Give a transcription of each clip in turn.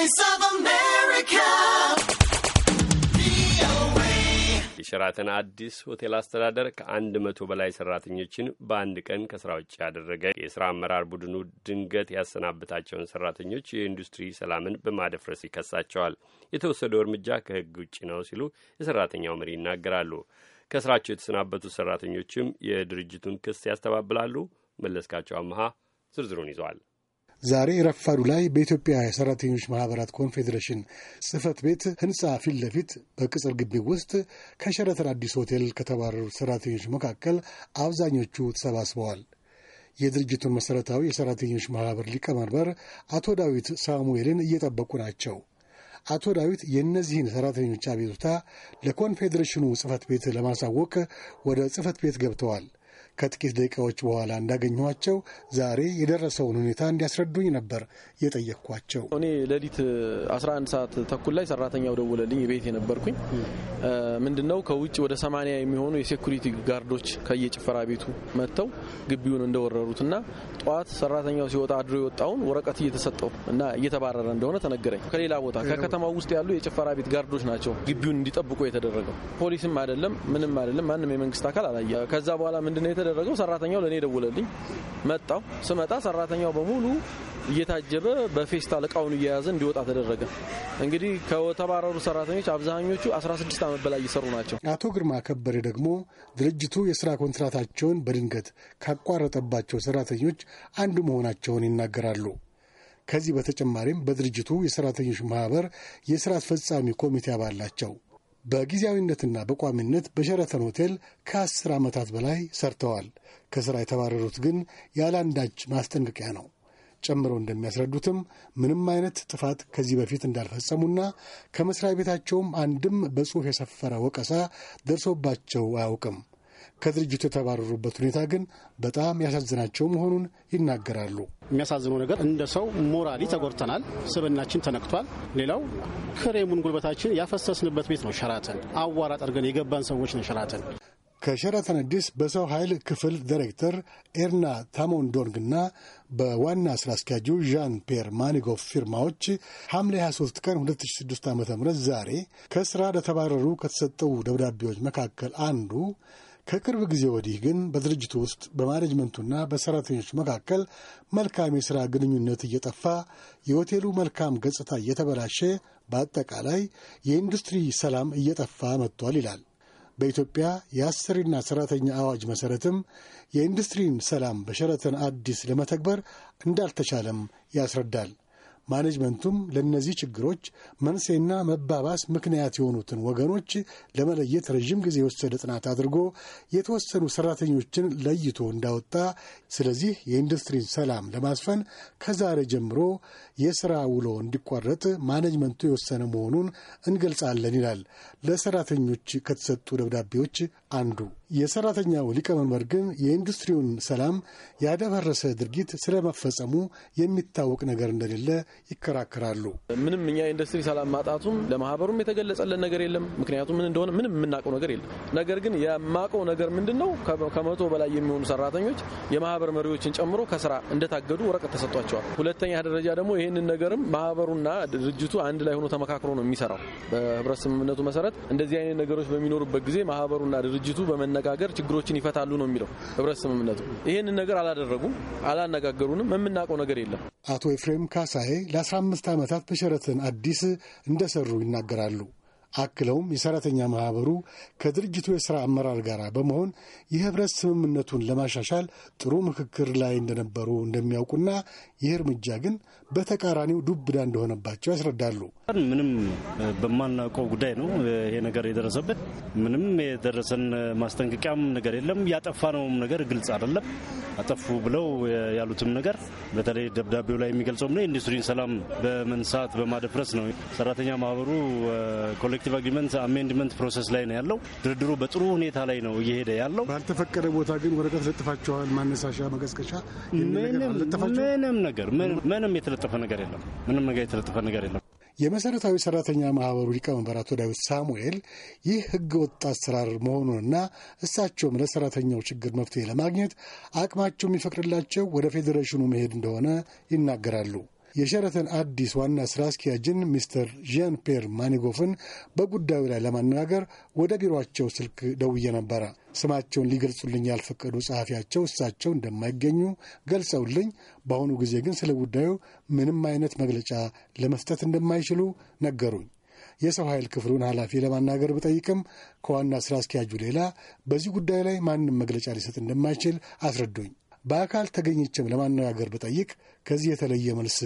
Voice የሸራተን አዲስ ሆቴል አስተዳደር ከአንድ መቶ በላይ ሰራተኞችን በአንድ ቀን ከስራ ውጭ ያደረገ የስራ አመራር ቡድኑ ድንገት ያሰናበታቸውን ሰራተኞች የኢንዱስትሪ ሰላምን በማደፍረስ ይከሳቸዋል። የተወሰደው እርምጃ ከህግ ውጭ ነው ሲሉ የሰራተኛው መሪ ይናገራሉ። ከስራቸው የተሰናበቱ ሰራተኞችም የድርጅቱን ክስ ያስተባብላሉ። መለስካቸው አመሃ ዝርዝሩን ይዘዋል። ዛሬ ረፋዱ ላይ በኢትዮጵያ የሰራተኞች ማህበራት ኮንፌዴሬሽን ጽህፈት ቤት ህንፃ ፊት ለፊት በቅጽር ግቢ ውስጥ ከሸረተን አዲስ ሆቴል ከተባረሩት ሰራተኞች መካከል አብዛኞቹ ተሰባስበዋል። የድርጅቱን መሠረታዊ የሰራተኞች ማህበር ሊቀመንበር አቶ ዳዊት ሳሙኤልን እየጠበቁ ናቸው። አቶ ዳዊት የእነዚህን ሰራተኞች አቤቱታ ለኮንፌዴሬሽኑ ጽህፈት ቤት ለማሳወቅ ወደ ጽህፈት ቤት ገብተዋል። ከጥቂት ደቂቃዎች በኋላ እንዳገኘኋቸው ዛሬ የደረሰውን ሁኔታ እንዲያስረዱኝ ነበር የጠየቅኳቸው። እኔ ሌሊት 11 ሰዓት ተኩል ላይ ሰራተኛው ደውለልኝ ቤት የነበርኩኝ ምንድን ነው ከውጭ ወደ 80 የሚሆኑ የሴኩሪቲ ጋርዶች ከየጭፈራ ቤቱ መጥተው ግቢውን እንደወረሩትና ጠዋት ሰራተኛው ሲወጣ አድሮ የወጣውን ወረቀት እየተሰጠው እና እየተባረረ እንደሆነ ተነገረኝ። ከሌላ ቦታ ከከተማው ውስጥ ያሉ የጭፈራ ቤት ጋርዶች ናቸው ግቢውን እንዲጠብቁ የተደረገው። ፖሊስም አይደለም ምንም አይደለም ማንም የመንግስት አካል አላየ። ከዛ በኋላ ምንድነው የተደረገው ሰራተኛው ለእኔ ደውለልኝ መጣው። ስመጣ ሰራተኛው በሙሉ እየታጀበ በፌስታል እቃውን እየያዘ እንዲወጣ ተደረገ። እንግዲህ ከተባረሩ ሰራተኞች አብዛኞቹ 16 ዓመት በላይ እየሰሩ ናቸው። አቶ ግርማ ከበሬ ደግሞ ድርጅቱ የስራ ኮንትራታቸውን በድንገት ካቋረጠባቸው ሰራተኞች አንዱ መሆናቸውን ይናገራሉ። ከዚህ በተጨማሪም በድርጅቱ የሰራተኞች ማህበር የስራ አስፈጻሚ ኮሚቴ አባል ናቸው። በጊዜያዊነትና በቋሚነት በሸረተን ሆቴል ከአስር ዓመታት በላይ ሰርተዋል። ከሥራ የተባረሩት ግን ያለ ማስጠንቀቂያ ነው። ጨምረው እንደሚያስረዱትም ምንም አይነት ጥፋት ከዚህ በፊት እንዳልፈጸሙና ከመስሪያ ቤታቸውም አንድም በጽሑፍ የሰፈረ ወቀሳ ደርሶባቸው አያውቅም። ከድርጅቱ የተባረሩበት ሁኔታ ግን በጣም ያሳዝናቸው መሆኑን ይናገራሉ። የሚያሳዝነው ነገር እንደ ሰው ሞራሊ ተጎድተናል፣ ስብናችን ተነክቷል። ሌላው ክሬሙን ጉልበታችን ያፈሰስንበት ቤት ነው ሸራተን። አዋራ ጠርገን የገባን ሰዎች ነው ሸራተን። ከሸራተን አዲስ በሰው ኃይል ክፍል ዲሬክተር ኤርና ታሞንዶንግና በዋና ስራ አስኪያጁ ዣን ፒየር ማኒጎፍ ፊርማዎች ሐምሌ 23 ቀን 2006 ዓ ም ዛሬ ከስራ ለተባረሩ ከተሰጠው ደብዳቤዎች መካከል አንዱ ከቅርብ ጊዜ ወዲህ ግን በድርጅቱ ውስጥ በማኔጅመንቱና በሰራተኞች መካከል መልካም የሥራ ግንኙነት እየጠፋ የሆቴሉ መልካም ገጽታ እየተበላሸ በአጠቃላይ የኢንዱስትሪ ሰላም እየጠፋ መጥቷል ይላል። በኢትዮጵያ የአሰሪና ሰራተኛ አዋጅ መሠረትም የኢንዱስትሪን ሰላም በሸረተን አዲስ ለመተግበር እንዳልተቻለም ያስረዳል። ማኔጅመንቱም ለእነዚህ ችግሮች መንሴና መባባስ ምክንያት የሆኑትን ወገኖች ለመለየት ረዥም ጊዜ የወሰደ ጥናት አድርጎ የተወሰኑ ሰራተኞችን ለይቶ እንዳወጣ፣ ስለዚህ የኢንዱስትሪን ሰላም ለማስፈን ከዛሬ ጀምሮ የስራ ውሎ እንዲቋረጥ ማኔጅመንቱ የወሰነ መሆኑን እንገልጻለን ይላል ለሰራተኞች ከተሰጡ ደብዳቤዎች አንዱ። የሰራተኛው ሊቀመንበር ግን የኢንዱስትሪውን ሰላም ያደፈረሰ ድርጊት ስለመፈጸሙ የሚታወቅ ነገር እንደሌለ ይከራከራሉ። ምንም እኛ የኢንዱስትሪ ሰላም ማጣቱም ለማህበሩም የተገለጸለን ነገር የለም። ምክንያቱም ምን እንደሆነ ምንም የምናውቀው ነገር የለም። ነገር ግን የማውቀው ነገር ምንድን ነው? ከመቶ በላይ የሚሆኑ ሰራተኞች የማህበር መሪዎችን ጨምሮ ከስራ እንደታገዱ ወረቀት ተሰጥቷቸዋል። ሁለተኛ ደረጃ ደግሞ ይህንን ነገርም ማህበሩና ድርጅቱ አንድ ላይ ሆኖ ተመካክሮ ነው የሚሰራው። በህብረት ስምምነቱ መሰረት እንደዚህ አይነት ነገሮች በሚኖሩበት ጊዜ ማህበሩና ድርጅቱ በመና በመነጋገር ችግሮችን ይፈታሉ ነው የሚለው ህብረት ስምምነቱ። ይህንን ነገር አላደረጉም፣ አላነጋገሩንም፣ የምናውቀው ነገር የለም። አቶ ኤፍሬም ካሳዬ ለ15 ዓመታት በሸረተን አዲስ እንደሰሩ ይናገራሉ። አክለውም የሰራተኛ ማህበሩ ከድርጅቱ የሥራ አመራር ጋር በመሆን የህብረት ስምምነቱን ለማሻሻል ጥሩ ምክክር ላይ እንደነበሩ እንደሚያውቁና ይህ እርምጃ ግን በተቃራኒው ዱብዳ እንደሆነባቸው ያስረዳሉ። ምንም በማናውቀው ጉዳይ ነው ይሄ ነገር የደረሰበት። ምንም የደረሰን ማስጠንቀቂያም ነገር የለም። ያጠፋነውም ነገር ግልጽ አይደለም። አጠፉ ብለው ያሉትም ነገር በተለይ ደብዳቤው ላይ የሚገልጸው ነው ሰላም በመንሳት በማደፍረስ ነው ሰራተኛ ማህበሩ ኮሌክቲቭ አግሪመንት አሜንድመንት ፕሮሰስ ላይ ነው ያለው። ድርድሩ በጥሩ ሁኔታ ላይ ነው እየሄደ ያለው። ባልተፈቀደ ቦታ ግን ወረቀት ለጥፋቸዋል። ማነሳሻ፣ መቀስቀሻ፣ ምንም ነገር ምንም የተለጠፈ ነገር የለም። ምንም ነገር የተለጠፈ ነገር የለም። የመሰረታዊ ሰራተኛ ማህበሩ ሊቀመንበር አቶ ዳዊት ሳሙኤል ይህ ህገ ወጥ አሰራር መሆኑንና እሳቸውም ለሰራተኛው ችግር መፍትሄ ለማግኘት አቅማቸው የሚፈቅድላቸው ወደ ፌዴሬሽኑ መሄድ እንደሆነ ይናገራሉ። የሸረተን አዲስ ዋና ስራ አስኪያጅን ሚስተር ዣን ፔር ማኒጎፍን በጉዳዩ ላይ ለማነጋገር ወደ ቢሮቸው ስልክ ደውዬ ነበረ። ስማቸውን ሊገልጹልኝ ያልፈቀዱ ጸሐፊያቸው እሳቸው እንደማይገኙ ገልጸውልኝ፣ በአሁኑ ጊዜ ግን ስለ ጉዳዩ ምንም አይነት መግለጫ ለመስጠት እንደማይችሉ ነገሩኝ። የሰው ኃይል ክፍሉን ኃላፊ ለማናገር ብጠይቅም ከዋና ስራ አስኪያጁ ሌላ በዚህ ጉዳይ ላይ ማንም መግለጫ ሊሰጥ እንደማይችል አስረዱኝ። በአካል ተገኝቼም ለማነጋገር ብጠይቅ ከዚህ የተለየ መልስ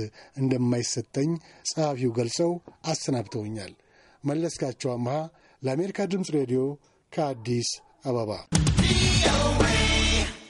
እንደማይሰጠኝ ጸሐፊው ገልጸው አሰናብተውኛል። መለስካቸው አምሃ ለአሜሪካ ድምፅ ሬዲዮ ከአዲስ አበባ